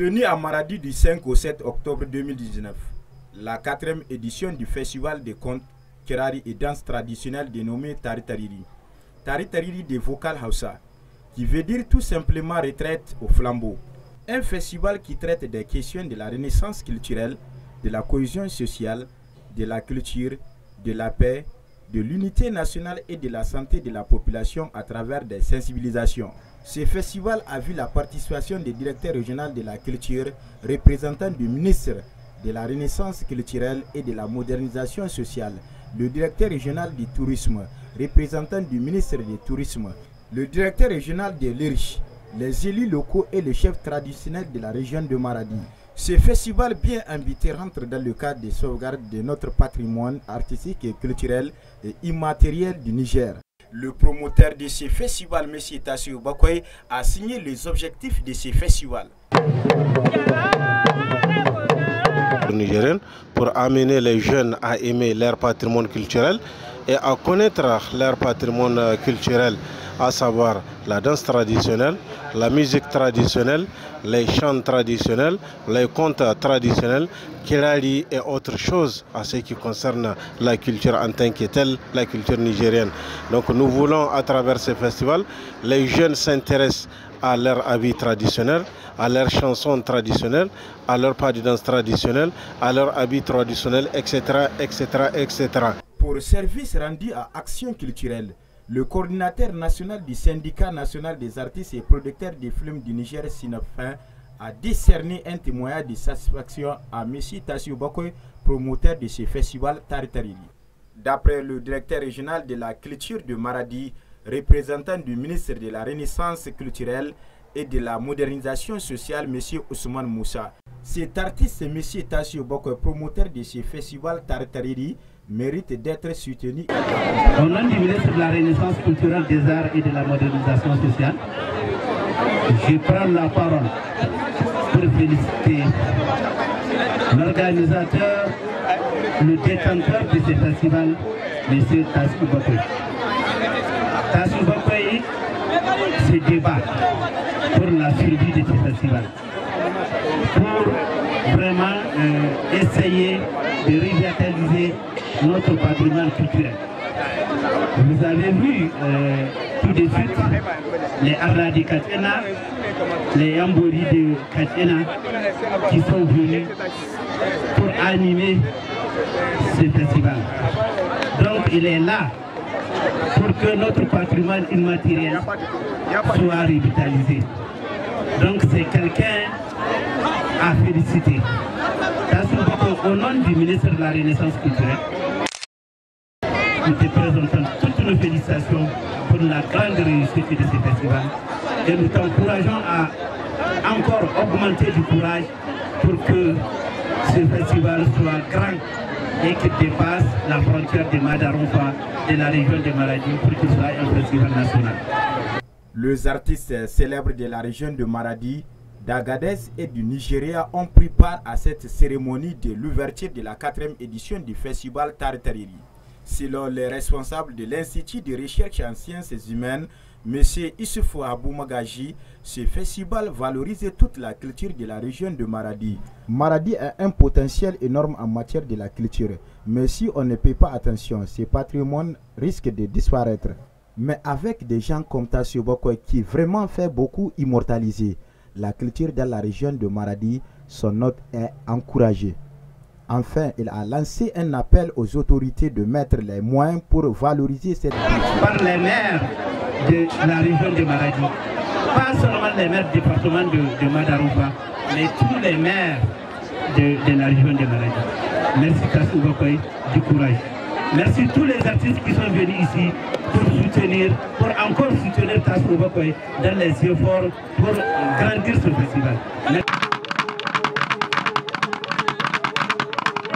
Tenue à Maradi du 5 au 7 octobre 2019, la quatrième édition du festival des contes, kerari et danse traditionnelle dénommée Taritariri. Taritariri des vocales Hausa, qui veut dire tout simplement retraite au flambeau. Un festival qui traite des questions de la renaissance culturelle, de la cohésion sociale, de la culture, de la paix de l'unité nationale et de la santé de la population à travers des sensibilisations. Ce festival a vu la participation des directeurs régionaux de la culture, représentants du ministre de la Renaissance culturelle et de la modernisation sociale, le directeur régional du tourisme, représentant du ministre du tourisme, le directeur régional de l'ERICH, les élus locaux et le chef traditionnel de la région de Maradi. Ce festival bien invité rentre dans le cadre de sauvegardes de notre patrimoine artistique et culturel et immatériel du Niger. Le promoteur de ce festival, M. Tassio Bakoy, a signé les objectifs de ce festival. pour amener les jeunes à aimer leur patrimoine culturel et à connaître leur patrimoine culturel, à savoir la danse traditionnelle, la musique traditionnelle, les chants traditionnels, les contes traditionnels, Kerali et autres choses à ce qui concerne la culture en tant que la culture nigérienne. Donc nous voulons à travers ce festival, les jeunes s'intéressent à leur habit traditionnel, à leurs chansons traditionnelles, à leur pas de danse traditionnelle, à leur habit traditionnel, etc., etc., etc. Pour service rendu à Action culturelle, le coordinateur national du syndicat national des artistes et producteurs des films du Niger, Sinafin, a décerné un témoignage de satisfaction à M. Tassio Bakoy, promoteur de ce festival Tartariri. D'après le directeur régional de la culture de Maradi, représentant du ministre de la Renaissance culturelle et de la modernisation sociale, M. Ousmane Moussa, cet artiste, M. Tassio Bakoy, promoteur de ce festival Tartariri, mérite d'être soutenu. Au nom du ministre de la Renaissance culturelle des arts et de la modernisation sociale, je prends la parole pour féliciter l'organisateur, le détenteur de ce festival, M. Tassou Bokoy. Tassou se débat pour la survie de ce festival, pour vraiment euh, essayer de revitaliser notre patrimoine culturel. Vous avez vu euh, tout de suite les Arras de Katena, les Yambori de Katena qui sont venus pour animer ce festival. Donc il est là pour que notre patrimoine immatériel soit revitalisé. Donc c'est quelqu'un à féliciter. Au nom du ministre de la Renaissance culturelle, nous te présentons toutes nos félicitations pour la grande réussite de ce festival et nous t'encourageons à encore augmenter du courage pour que ce festival soit grand et qu'il dépasse la frontière de Madaroufa et la région de Maradi pour qu'il soit un festival national. Les artistes célèbres de la région de Maradi, d'Agadez et du Nigeria ont pris part à cette cérémonie de l'ouverture de la quatrième édition du festival Tartariri. Selon les responsables de l'Institut de recherche en sciences humaines, M. Issoufou Abou ce festival valorise toute la culture de la région de Maradi. Maradi a un potentiel énorme en matière de la culture, mais si on ne paye pas attention, ce patrimoines risque de disparaître. Mais avec des gens comme Boko qui vraiment fait beaucoup immortaliser la culture dans la région de Maradi, son note est encouragée. Enfin, il a lancé un appel aux autorités de mettre les moyens pour valoriser cette Par les maires de la région de Maradi, pas seulement les maires du département de, de Madarouba, mais tous les maires de, la région de Maradi. Merci Tassou Bokoy, du courage. Merci tous les artistes qui sont venus ici pour soutenir, pour encore soutenir Tassou dans les efforts pour grandir ce festival.